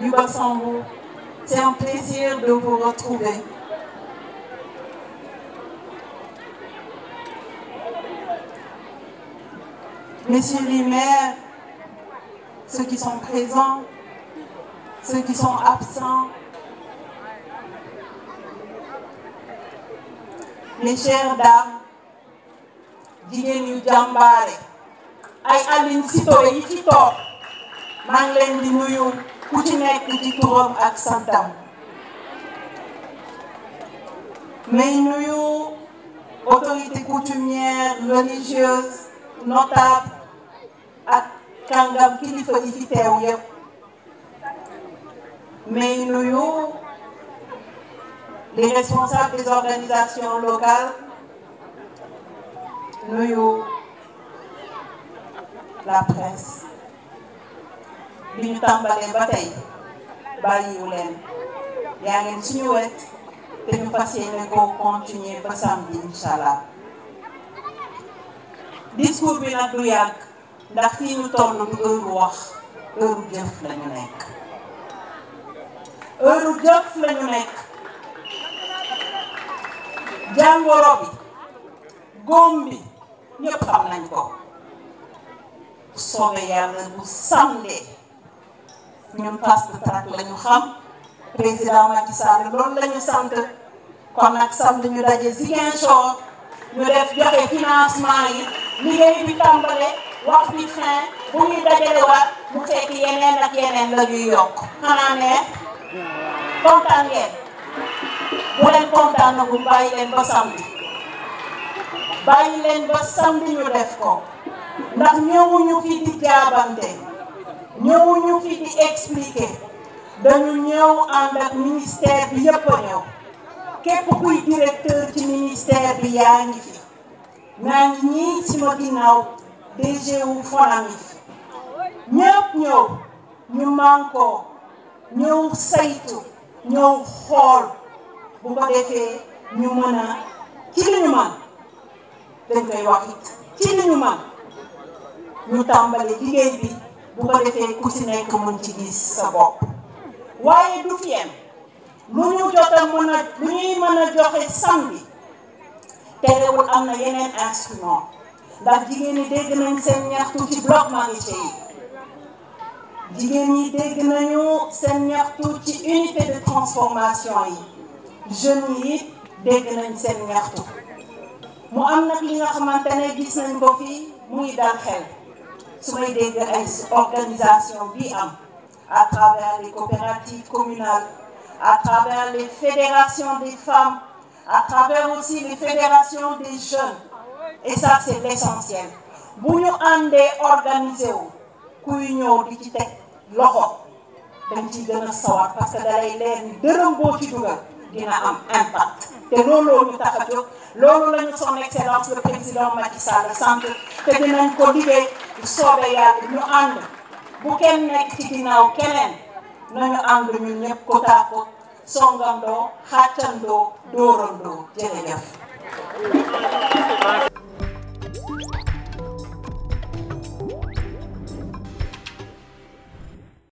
Yuba Sambou, c'est un plaisir de vous retrouver. Messieurs les ceux qui sont présents, ceux qui sont absents, mes chères dames, jigéen yu jàmbaare ay Aline Sitoé yi fi toog maa ngi leen di nuyu ku ci nekk ci turam ak santam may nuyu autorité coutumière ak kàngam kilifa yi fi teew yépp may nuyu les responsables des organisations nuyu la presse bi ñu tàmbalee ba tey bàyyiwu leen yaa ngeen suñu wet te ñu fas yéene ko continuer ba samedi incha allah discours bi nag du yàgg ndax fii ñu toll du heure wax heure jëf la ñu nekk heure jëf la ñu nekk jàngoro bi góom bi ñëpp xam nañ ko soobee yàlla bu samedi ñun fast track la ñu xam président Macky Sall loolu la ñu sant kon nag samedi ñu daje Ziguinchor ñu def joxe financement yi liggéey bi tàmbale wax bi fin bu ñu dajale waat mu fekk yeneen ak yeneen la yokk xanaa neex kontaan ngeen bu kontaan na bu bàyyi ba samedi bàyyi leen ba samedi ñu def ko ndax ñëwuñu fi di jaabante ñëwuñu fi di expliquer dañu ñëw ànd ak ministère bi yépp a képp kuy directeur ci ministère bi yaa ngi fi naa ngi ñii ci ma ginnaaw DG wu Fonami ñëw ñu mànkoo ñëw saytu ñëw xool bu ko defee ñu mën a ci dañ koy wax ci li ñu man ñu tàmbali jigéen bi bu ko defee ku ci nekk mën ci gis sa bopp waaye du fi yem lu ñu jot a mën a lu ñuy am na yeneen instrument ndax jigéen ñi dégg nañ seen ñaxtu ci bloc maraîcher yi jigéen ñi dégg nañu seen ñaxtu ci unité de transformation yi jeunes yi dégg nañ seen ñaxtu mu am nag li nga xamante ne gis nañ ko fii muy dal xel su may dégg organisation bi am à travers les coopératives communales à travers les fédérations des femmes à travers aussi les fédérations des jeunes et ça c'est bu ñu àndee organisé wu kuy ñëw di ci teg loxo dañ ciy gën a sawar parce que dalay leer ni dërëm boo ci dugal dina am impact te looloo ñu tax a jóg loolu la ñu son excellence le président sant te dinañ ko liggéey bu soobee yàlla ñu ànd bu kenn nekk ci ginnaaw keneen nañu ànd ñun ñëpp ko tàkko songandoo xàccandoo dóorandoo jërëjëf